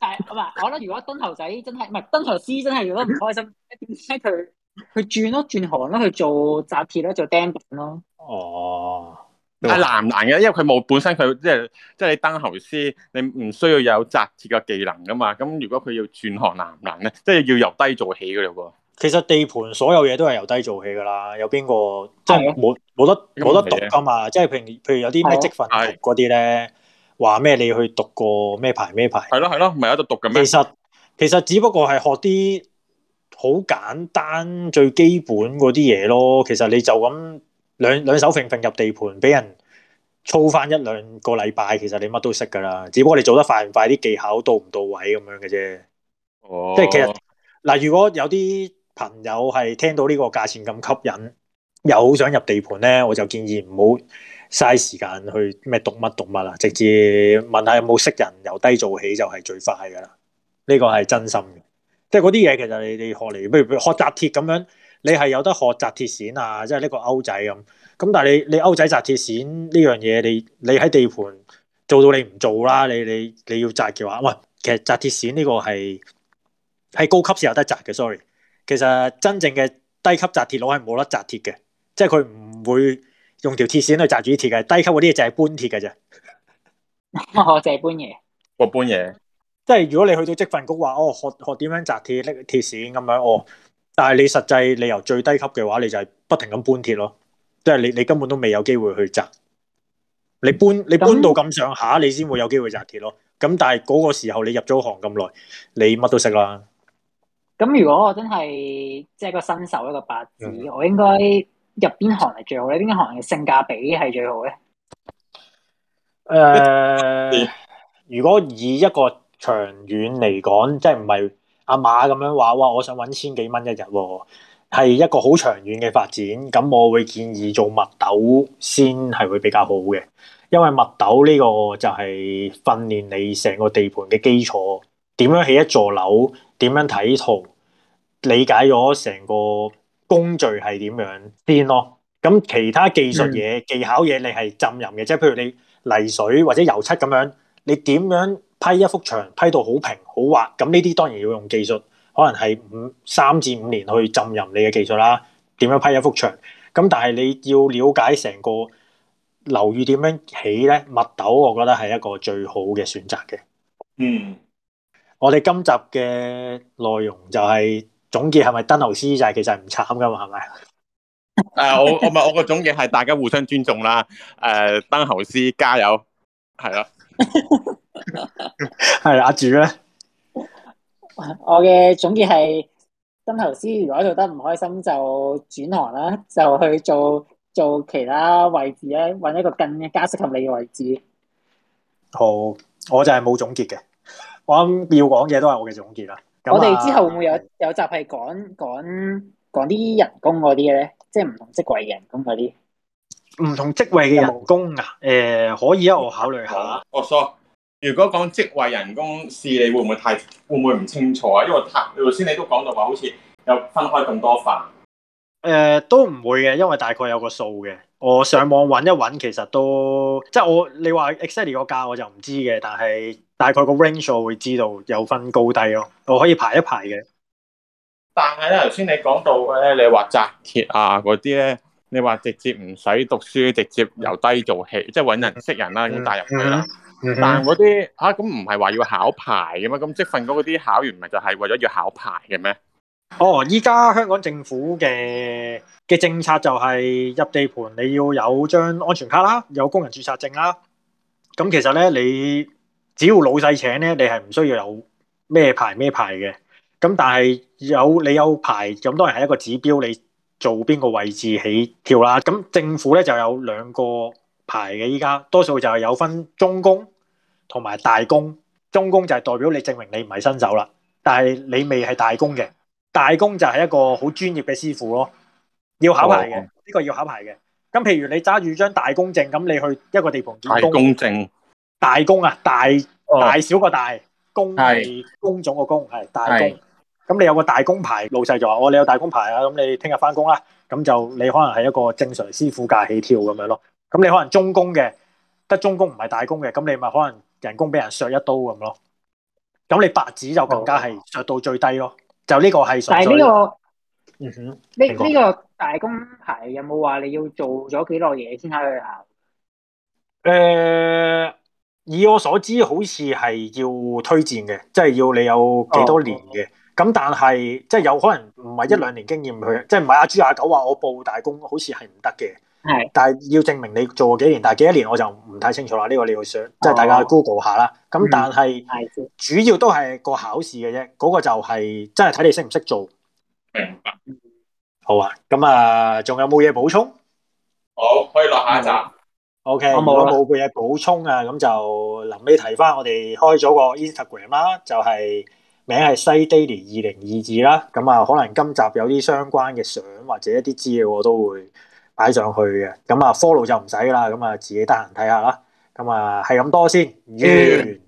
但係但係唔係，我覺得如果燈喉仔真係唔係燈喉師真係，如果唔開心，點解佢佢轉咯轉行咯去做紮鐵咯做釘板咯？哦，係難唔難嘅？因為佢冇本身佢即係即係你燈喉師，你唔需要有紮鐵嘅技能噶嘛。咁如果佢要轉行難唔難咧？即係要由低做起嘅嘞喎其實地盤所有嘢都係由低做起噶啦，有邊個即係冇冇得冇得讀噶嘛？即係譬如譬如有啲咩積分嗰啲咧，話咩的你去讀過咩牌咩牌？係咯係咯，咪喺度讀嘅咩？其實其實只不過係學啲好簡單最基本嗰啲嘢咯。其實你就咁兩兩手揈揈入地盤，俾人操翻一兩個禮拜，其實你乜都識噶啦。只不過你做得快唔快，啲技巧到唔到位咁樣嘅啫。哦，即係其實嗱，如果有啲。朋友係聽到呢個價錢咁吸引，又好想入地盤咧，我就建議唔好嘥時間去咩讀乜讀乜啊。直接問下有冇識人，由低做起就係最快噶啦。呢個係真心嘅，即係嗰啲嘢其實你哋學嚟，不如譬學紮鐵咁樣，你係有得學紮鐵線啊，即係呢個歐仔咁咁。但係你你歐仔紮鐵線呢樣嘢，你你喺地盤做到你唔做啦。你你你要紮嘅話，喂，其實紮鐵線呢個係係高級先有得紮嘅。Sorry。其實真正嘅低級紮鐵佬係冇得紮鐵嘅，即係佢唔會用條鐵線去紮住啲鐵嘅。低級嗰啲嘢就係搬鐵嘅啫。我就係搬嘢，我搬嘢。即係如果你去到職訓局話，哦，學學點樣紮鐵搦鐵線咁樣哦。但係你實際你由最低級嘅話，你就係不停咁搬鐵咯。即係你你根本都未有機會去紮。你搬你搬到咁上下，你先會有機會紮鐵咯。咁但係嗰個時候你入咗行咁耐，你乜都識啦。咁如果我真係即係個新手一個白紙，我應該入邊行係最好咧？邊行嘅性價比係最好咧？誒、呃，如果以一個長遠嚟講，即係唔係阿馬咁樣話哇，我想揾千幾蚊一日喎，係一個好長遠嘅發展。咁我會建議做麥豆先係會比較好嘅，因為麥豆呢個就係訓練你成個地盤嘅基礎。點樣起一座樓？點樣睇圖？理解咗成個工序係點樣先咯？咁、嗯、其他技術嘢、技巧嘢，你係浸淫嘅，即係譬如你泥水或者油漆咁樣，你點樣批一幅牆批到好平好滑？咁呢啲當然要用技術，可能係五三至五年去浸淫你嘅技術啦。點樣批一幅牆？咁但係你要了解成個樓宇點樣起咧？麥豆我覺得係一個最好嘅選擇嘅。嗯。我哋今集嘅內容就係總結，係咪燈喉師就係其實唔慘噶嘛係咪？誒 我我咪我個總結係大家互相尊重啦，誒，燈喉師加油，係啦，係啦。阿主咧，我嘅總結係燈喉師如果做得唔開心就轉行啦，就去做做其他位置咧，搵一個更加適合你嘅位置。好我就係冇總結嘅。我諗要講嘢都係我嘅總結啦。啊、我哋之後會唔會有有集係講講講啲人工嗰啲咧？即係唔同職位嘅人工嗰啲。唔同職位嘅人工啊？誒，可以一一啊，我考慮下。我如果講職位人工市，你會唔會太會唔會唔清楚啊？因為頭先你都講到話，好似有分開咁多份。誒、呃，都唔會嘅，因為大概有個數嘅。我上網搵一搵，其實都即係、嗯、我你話 Excel 個價，我就唔知嘅，但係。大概個 range 我會知道有分高低咯，我可以排一排嘅。但係咧，頭先你講到嘅咧，你話紮鐵啊嗰啲咧，你話直接唔使讀書，直接由低做起，嗯、即係搵人識人啦，已經帶入去啦。嗯嗯、但係嗰啲啊，咁唔係話要考牌嘅嘛。咁即份嗰啲考完咪就係為咗要考牌嘅咩？哦，依家香港政府嘅嘅政策就係入地盤你要有張安全卡啦，有工人注冊證啦。咁其實咧你。只要老細請咧，你係唔需要有咩牌咩牌嘅。咁但係有你有牌，咁當然係一個指標，你做邊個位置起跳啦。咁政府咧就有兩個牌嘅，依家多數就係有分中工同埋大工。中工就係代表你證明你唔係新手啦，但係你未係大工嘅。大工就係一個好專業嘅師傅咯，要考牌嘅，哦哦、呢個要考牌嘅。咁譬如你揸住張大工證，咁你去一個地方見工，大工證大工啊，大大小個大工，係工種個工係大工。咁你有個大工牌，老細就話我你有大工牌啊，咁你聽日翻工啦。咁就你可能係一個正常師傅價起跳咁樣咯。咁你可能中工嘅，得中工唔係大工嘅，咁你咪可能人工俾人削一刀咁咯。咁你白紙就更加係削到最低咯。哦、就呢個係純粹。但係呢、這個，嗯哼，呢呢過個大工牌有冇話你要做咗幾耐嘢先可以考？誒、呃。以我所知，好似係要推薦嘅，即係要你有幾多年嘅。咁、哦哦、但係，即係有可能唔係一兩年經驗去，嗯、即係唔係阿豬阿狗話我報大工，好似係唔得嘅。是但係要證明你做過幾年，但係幾多年我就唔太清楚啦。呢、這個你要想，即係、哦、大家去 Google 下啦。咁、嗯、但係主要都係個考試嘅啫，嗰、那個就係真係睇你識唔識做。嗯白，好啊。咁啊，仲有冇嘢補充？好，可以落下集。嗯 O.K. 我冇冇嘢補充啊，咁就臨尾提翻我哋開咗個 Instagram 啦，就係名係西 Daily 二零二二啦。咁啊，可能今集有啲相關嘅相或者一啲資料我都會擺上去嘅。咁啊，follow 就唔使啦。咁啊，自己得閒睇下啦。咁啊，係咁多先，完，yeah.